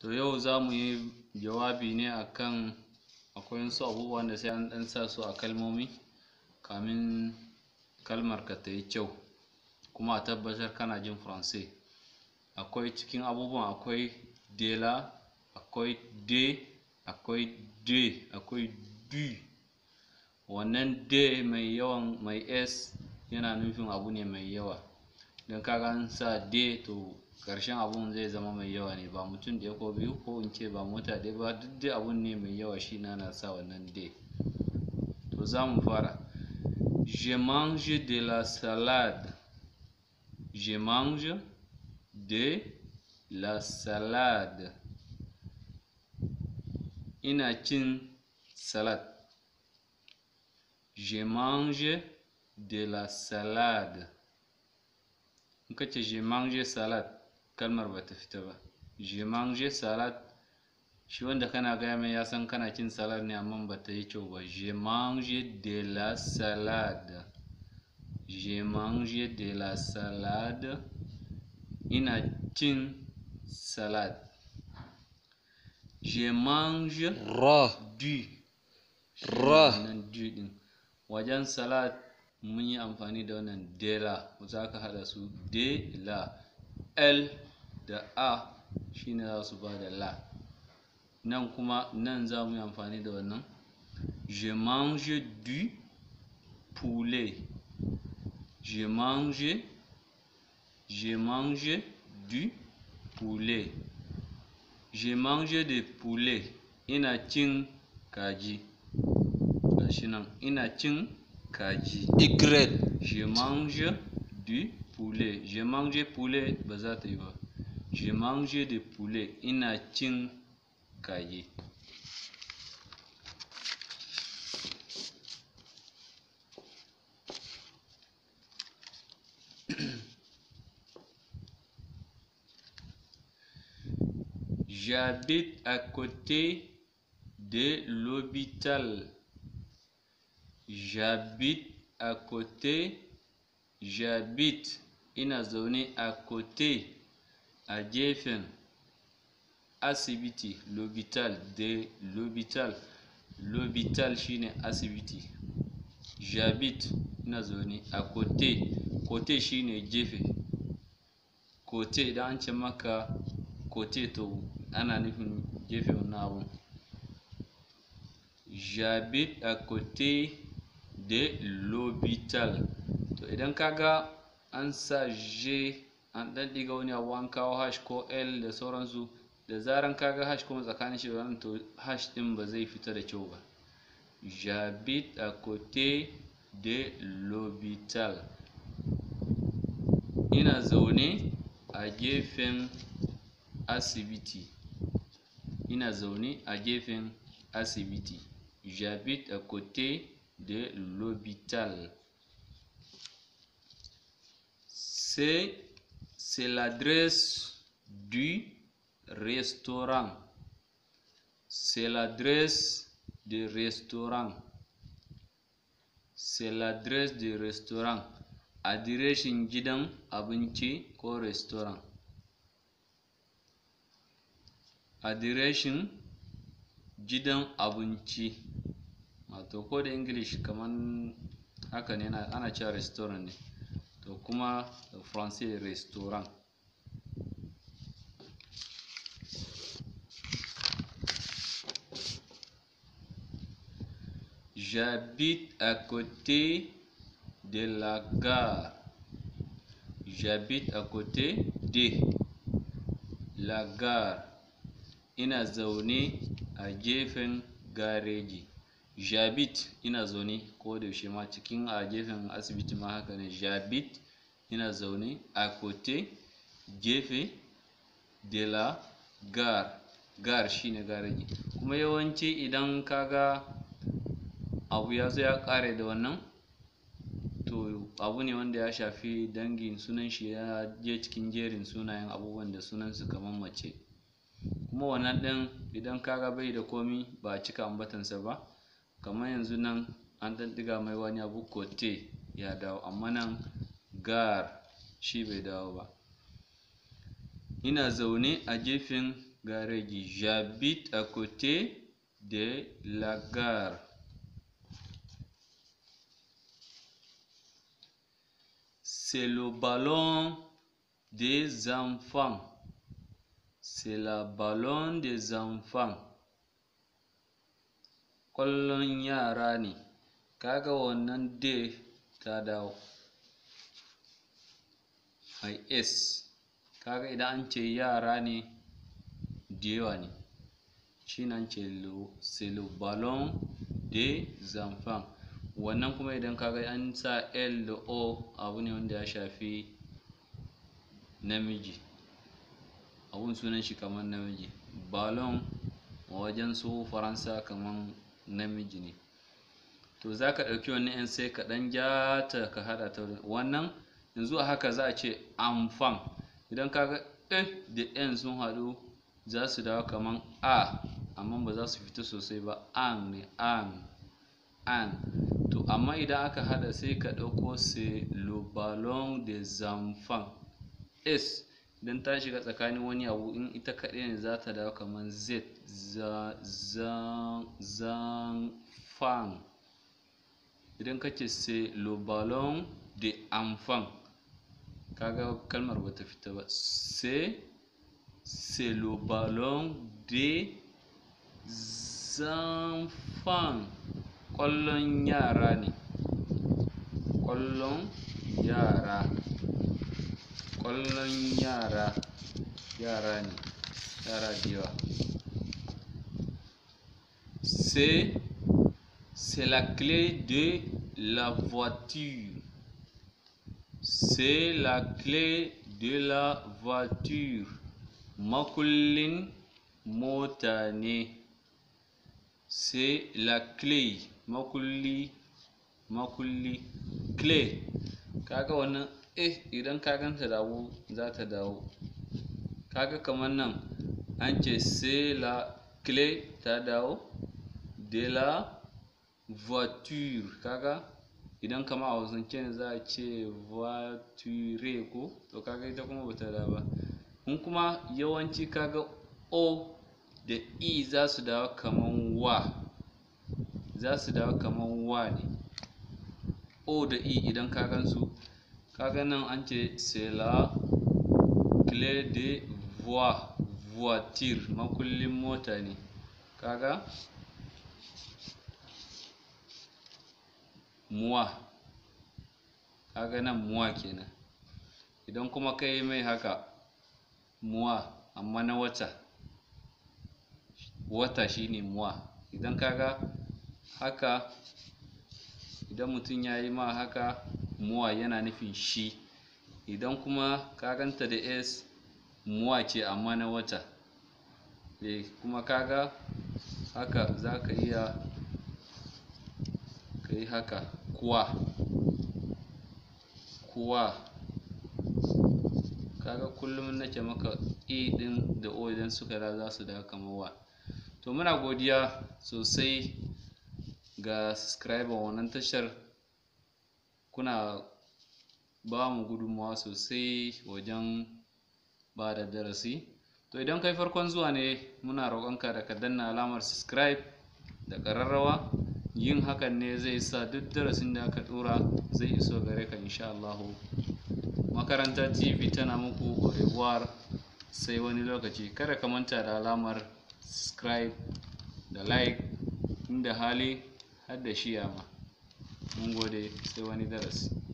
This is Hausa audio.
to yau za mu yi jawabi ne akan akwai wasu abubuwan da sai an ɗan sa su a kalmomi kamin kalmar ka ta yi kyau kuma a tabbatar kana jin faransai akwai cikin abubuwan akwai dela akwai de akwai de akwai du wannan de mai yawan mai s yana nufin abu ne mai yawa don kaga an sa de to karshen abun zai zama mai yawa ne ba mutum da ko biyu ko in ce ba mota ɗaya ba duk dai abun ne mai yawa shi na na sa wannan dai to za mu fara je mange de la salade je mange de la salade ina cin salad je mange de la salade in ka ce je mange salade kalmar bata fita ba je mange shi wanda kana gaya mai ya san kana cin salad ne amma bata yi kyau ba je de la salade je de la salade ina cin salat. je ra du ra wajen salad mun yi amfani da wannan dela la za ka haɗa su dela l da a shine za su ba da la nan kuma nan za mu yi amfani da wannan je mange du poulet je mange je mange du poulet je mange de poulet ina cin kaji gashi nan ina cin kaji igret je mange du poulet je mange poulet ba za ta yi ba J'ai mangé des poulets ina cin cahier. J'habite à côté de l'hôpital. J'habite à côté. J'habite. zone à côté. a gefen asibiti lobital de lobital lobital shine asibiti jabit ina zaune a kote kote shine gefe kote idan an ce maka kote to ana nufin gefe wannan abun jabit a kote de lobital to idan kaga an sa je an diga wani abu an kawo hash ko l da sauransu da zaran kaga hash kuma tsakanin shi da to hash ɗin ba zai fita da kyau ba jabit a côté de l'hôpital ina zaune a gefen asibiti ina zaune a gefen asibiti jabit a côté de l'hôpital c'est C'est l'adresse du restaurant. C'est l'adresse du restaurant. C'est l'adresse du restaurant. gidan abinci ko restaurant. Adireshin gidan abinci. Wato ko English kamar haka ana restaurant ne. comment kuma français restaurant J'habite à côté de la gare. J'habite à côté de la gare. Ina zaune a jefen gareji. jabit ina zaune ko da yaushe ma cikin a gefen asibiti ma haka ne jabit ina zaune a kote gefe de la gar gar shine gareji kuma yawanci idan kaga abu ya zo ya kare da wannan to abu ne wanda ya shafi dangin sunan shi ya je cikin jerin sunayen abubuwan da sunan su kamar mace kuma wannan din idan kaga bai da komi ba a cika ambatansa ba kamar yanzu nan an ɗan mai wani abu kote ya dawo amma nan gar shi bai dawo ba ina zaune a gefen gareji jabit a kote de la gare c'est le ballon des enfants c'est la ballon des enfants ƙwallon yara ne kaga wannan de ta dawo mai s kaga idan an ce yara ne da yawa ne shi nan ce selo, ballon de zamfan wannan kuma idan kaga an sa l da o abu ne wanda ya shafi namiji abun sunan shi kamar namiji ballon wajen su faransa kamar namiji ne to za ka ɗauki wani 'yan sai ka ɗan ja ka haɗa ta wannan yanzu a haka za a ce amfan idan ka ga ɗan eh, da n sun haɗu za su dawo kaman a amma ba za su fita sosai ba an ne an an to amma idan aka haɗa sai ka ɗauko se lobalon ballon des s idan ta shiga tsakanin wani abu in ita kaɗai ne za ta dawo kaman z za za fang idan ka ce c'est le ballon de enfant kaga kalmar bata fita ba c'est c'est le ballon de enfants kwallon yara ne kwallon yara kwallon yara yara ne yara da yawa C'est la clé de la voiture. C'est la clé de la voiture. Makullin mota ne. C'est la clé. Makulli, makulli, clé. Kaga wannan eh idan ka ganta dawo za ta dawo. Kaga kamar nan an ce c'est la clé ta dawo. de la voiture kaga idan kama a wasance ne za a ce voiture ko to kaga ita kuma bata da ba kun kuma yawanci kaga o da e za su dawo kaman wa za su dawo kaman wa ne o da e idan ka su, kaga nan an ce c'est la clé de voie voiture makullin mota ne kaga muwa kaga nan muwa kenan idan kuma ka yi mai haka muwa amma na wata wata shine muwa idan kaga haka idan mutum ya yi ma haka muwa yana nufin shi idan kuma ka ganta da s muwa ce amma na wata eh, kuma kaga haka za ka iya ka yi haka kuwa kuwa kaga kullum nake maka e ɗin da o idan suka da za su da kamar wa to muna godiya sosai ga subscriber wannan tashar kuna ba mu gudunmawa sosai wajen ba da darasi to idan kai farkon zuwa ne muna roƙonka da ka danna alamar subscribe da ƙararrawa yin hakan ne zai sa duk darasin da aka dora zai iso gare ka insha Allah makaranta TV tana muku ƙwarewar sai wani lokaci kada ka manta da alamar subscribe da like inda hali har da shiyama mun gode sai wani darasi